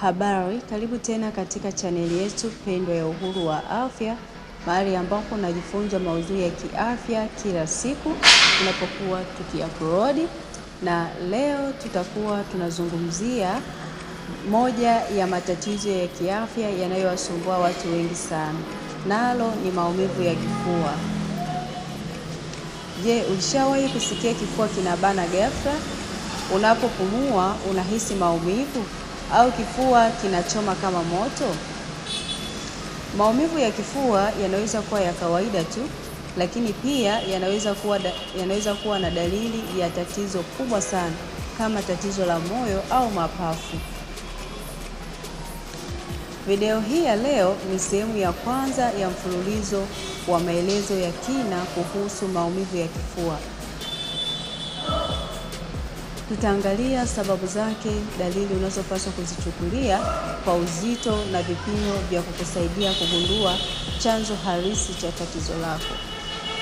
Habari, karibu tena katika chaneli yetu pendwa ya Uhuru wa Afya, mahali ambapo unajifunza maudhui ya kiafya kila siku tunapokuwa tukiupload, na leo tutakuwa tunazungumzia moja ya matatizo ya kiafya yanayowasumbua watu wengi sana, nalo ni maumivu ya kifua. Je, ulishawahi kusikia kifua kinabana ghafla? Unapopumua unahisi maumivu? au kifua kinachoma kama moto? Maumivu ya kifua yanaweza kuwa ya kawaida tu, lakini pia yanaweza kuwa, da, yanaweza kuwa na dalili ya tatizo kubwa sana kama tatizo la moyo au mapafu. Video hii ya leo ni sehemu ya kwanza ya mfululizo wa maelezo ya kina kuhusu maumivu ya kifua. Tutaangalia sababu zake, dalili unazopaswa kuzichukulia kwa uzito na vipimo vya kukusaidia kugundua chanzo halisi cha tatizo lako.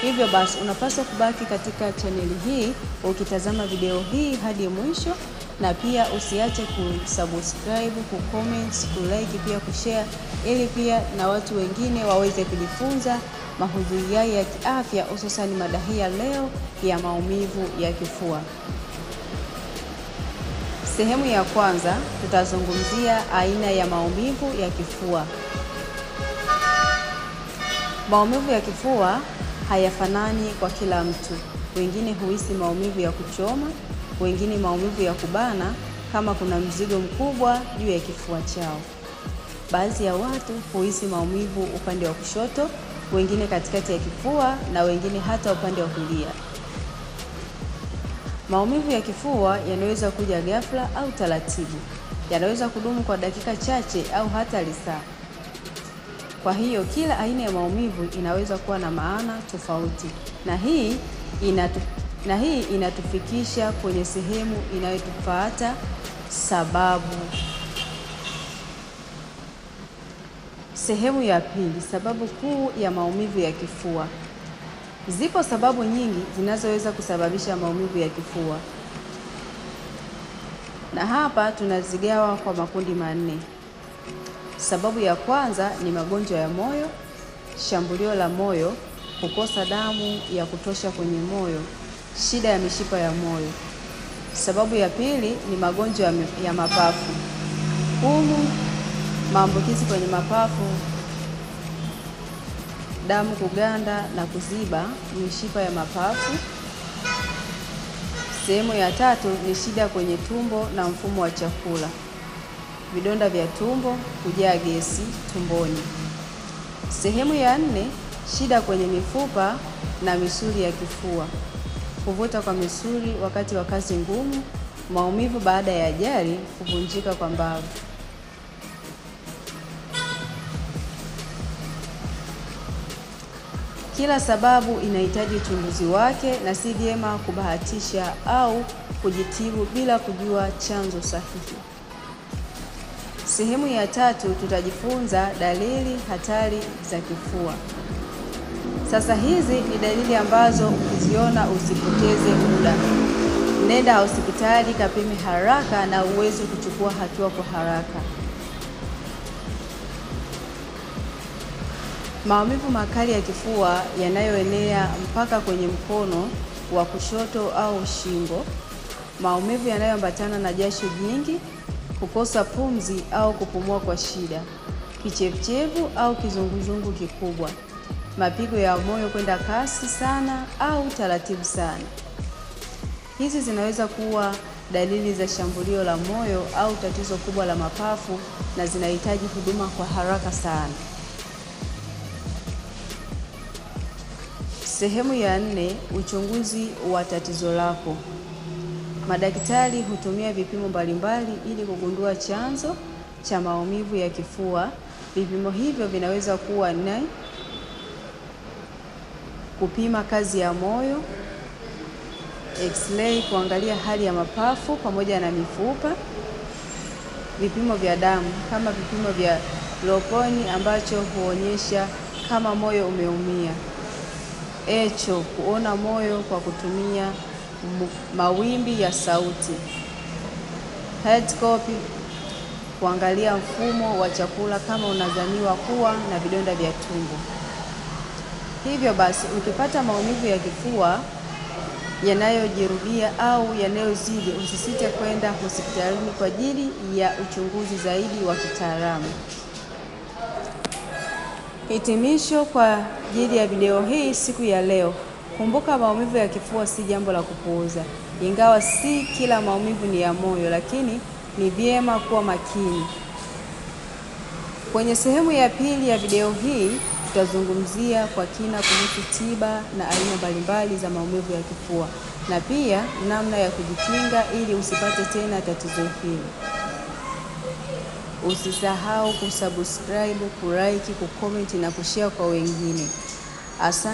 Hivyo basi unapaswa kubaki katika chaneli hii ukitazama video hii hadi mwisho, na pia usiache kusubscribe, kucomment, kulike, pia kushare, ili pia na watu wengine waweze kujifunza mahudhuria ya kiafya, hususani mada hii ya leo ya maumivu ya kifua. Sehemu ya kwanza tutazungumzia aina ya maumivu ya kifua. Maumivu ya kifua hayafanani kwa kila mtu. Wengine huhisi maumivu ya kuchoma, wengine maumivu ya kubana kama kuna mzigo mkubwa juu ya kifua chao. Baadhi ya watu huhisi maumivu upande wa kushoto, wengine katikati ya kifua na wengine hata upande wa kulia. Maumivu ya kifua yanaweza kuja ghafla au taratibu, yanaweza kudumu kwa dakika chache au hata lisaa. Kwa hiyo kila aina ya maumivu inaweza kuwa na maana tofauti, na hii inatu, na hii inatufikisha kwenye sehemu inayotufuata sababu. Sehemu ya pili, sababu kuu ya maumivu ya kifua. Zipo sababu nyingi zinazoweza kusababisha maumivu ya kifua, na hapa tunazigawa kwa makundi manne. Sababu ya kwanza ni magonjwa ya moyo, shambulio la moyo, kukosa damu ya kutosha kwenye moyo, shida ya mishipa ya moyo. Sababu ya pili ni magonjwa ya mapafu, pumu, maambukizi kwenye mapafu damu kuganda na kuziba mishipa ya mapafu. Sehemu ya tatu ni shida kwenye tumbo na mfumo wa chakula, vidonda vya tumbo, kujaa gesi tumboni. Sehemu ya nne, shida kwenye mifupa na misuli ya kifua, kuvuta kwa misuli wakati wa kazi ngumu, maumivu baada ya ajali, kuvunjika kwa mbavu. Kila sababu inahitaji uchunguzi wake na si vyema kubahatisha au kujitibu bila kujua chanzo sahihi. Sehemu ya tatu tutajifunza dalili hatari za kifua. Sasa hizi ni dalili ambazo ukiziona usipoteze muda. Nenda hospitali kapime haraka na uweze kuchukua hatua kwa haraka. Maumivu makali ya kifua yanayoenea mpaka kwenye mkono wa kushoto au shingo, maumivu yanayoambatana na jasho jingi, kukosa pumzi au kupumua kwa shida, kichefuchefu au kizunguzungu kikubwa, mapigo ya moyo kwenda kasi sana au taratibu sana. Hizi zinaweza kuwa dalili za shambulio la moyo au tatizo kubwa la mapafu na zinahitaji huduma kwa haraka sana. Sehemu ya nne: uchunguzi wa tatizo lako. Madaktari hutumia vipimo mbalimbali ili kugundua chanzo cha maumivu ya kifua. Vipimo hivyo vinaweza kuwa ni kupima kazi ya moyo, x-ray kuangalia hali ya mapafu pamoja na mifupa, vipimo vya damu kama vipimo vya troponin ambacho huonyesha kama moyo umeumia echo, kuona moyo kwa kutumia mawimbi ya sauti. copy, kuangalia mfumo wa chakula kama unadhaniwa kuwa na vidonda vya tumbo. Hivyo basi, ukipata maumivu ya kifua yanayojirudia au yanayozidi, usisite kwenda hospitalini kwa ajili ya uchunguzi zaidi wa kitaalamu. Hitimisho kwa ajili ya video hii siku ya leo. Kumbuka, maumivu ya kifua si jambo la kupuuza. Ingawa si kila maumivu ni ya moyo, lakini ni vyema kuwa makini. Kwenye sehemu ya pili ya video hii tutazungumzia kwa kina kuhusu tiba na aina mbalimbali za maumivu ya kifua na pia namna ya kujikinga ili usipate tena tatizo hili. Usisahau kusubscribe, kulike, kucomment na kushare kwa wengine. Asante.